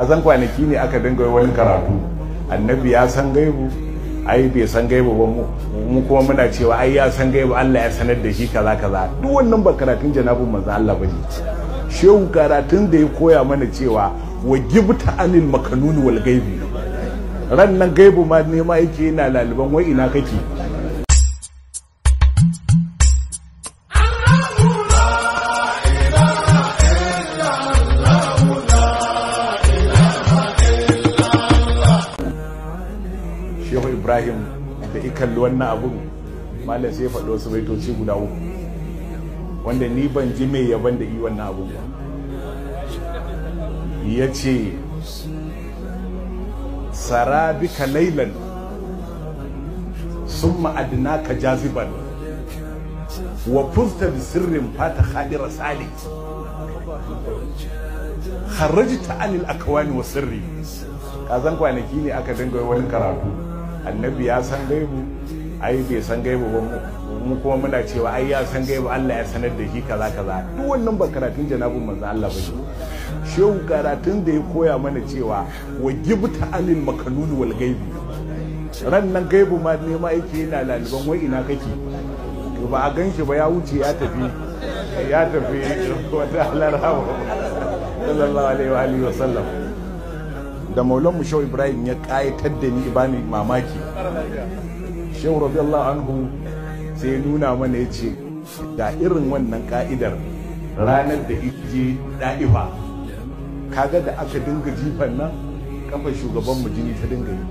kazan kwanaki ne aka dinga wani karatu annabi ya san gaibu ai bai san gaibu ba mu kuma muna cewa ai ya san gaibu Allah ya sanar da shi kaza kaza duk wannan ba karatun janabin manzo Allah bane shehu karatun da ya koya mana cewa wa gibta anil makanuni wal gaibi ran nan gaibu ma ne ma yake yana laliban wai ina kake ibrahim da ikalli wannan abun malam sai faɗi wasu baitoci guda uku wanda ni ban ji mai yaban da yi wannan abun ba ya ce sarabika lailan sun ma'adina ka jaziban wa fusta da sirrin fata khadira sali kharrajta anil akwani wa sirri kazan kwanaki ne aka dinga wani karatu annabi ya san gaibu ai bai san gaibu ba mu kuma muna cewa ai ya san gaibu Allah ya sanar da shi kaza kaza duk wannan ba karatun janabin manzo Allah ba shehu karatun da ya koya mana cewa wa gibta alil makalul wal gaibi ran nan gaibu ma ne ma yake yana laliban wai ina kake to ba a gan ba ya wuce ya tafi ya tafi wata halar hawa sallallahu alaihi wa sallam da maulan mu ibrahim ya kayatar da ni ba ni mamaki shehu radiyallahu anhu sai ya nuna mana ya ce da irin wannan ka'idar ranar da ije da'ifa kaga da aka dinga jifan nan kafar shugaban mu jini ta dinga yi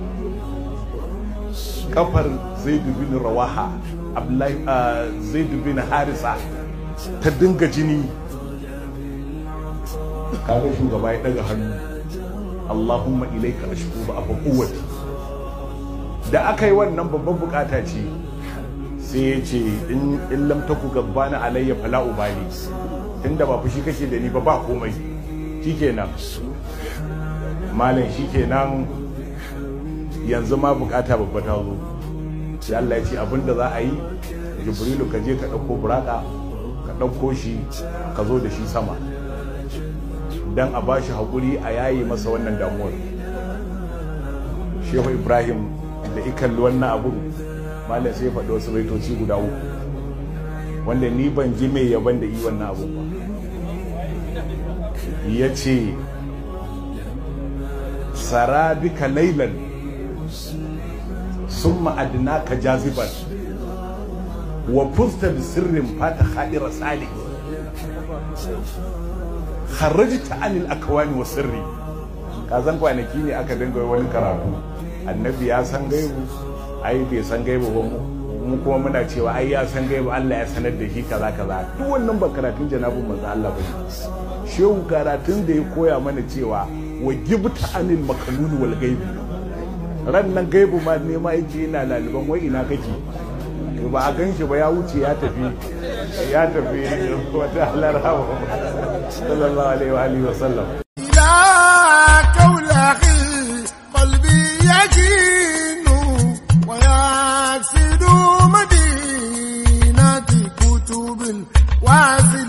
kafar dubi bin rawaha dubi ah, bin harisa ta dinga jini kaga shugaba ya daga hannu Allahumma ilaika ashku ba abu quwwati da aka yi wannan babban bukata ce sai ya ce in ku taku gabbana alayya fala ubali tunda ba fushi kake da ni ba ba komai shikenan malam nan yanzu ma bukata babba ta zo sai Allah ya ce abinda za a yi jibrilu ka je ka ɗauko buraka ka ɗauko shi ka zo da shi sama don a bashi haƙuri a yayi masa wannan damuwar shehu ibrahim da ikalli wannan abun malam sai faɗi wasu baitoci guda uku wanda ni ban ji mai yaban da yi wannan abu ba ya ce sarabika lailan ma'adina ka jaziban wa fusta bi sirrin fata khadira salik kharajta anil akwani wa sirri ka san kwanaki ne aka dinga wani karatu annabi ya san gaibu ai bai san gaibu ba mu mu kuma muna cewa ai ya san gaibu Allah ya sanar da shi kaza kaza duk wannan ba karatun janabin manzo Allah ba shehu karatun da ya koya mana cewa wa gibta anil makalul wal gaibi ran nan gaibu ma nema yake yana laliban wai ina kake ba a gan shi ba ya wuce ya tafi ya tafi wata halar hawa sallallahu alaihi wa alihi wa sallam ya kaula akhi qalbi yajinu wa yasidu madinati kutubil wasil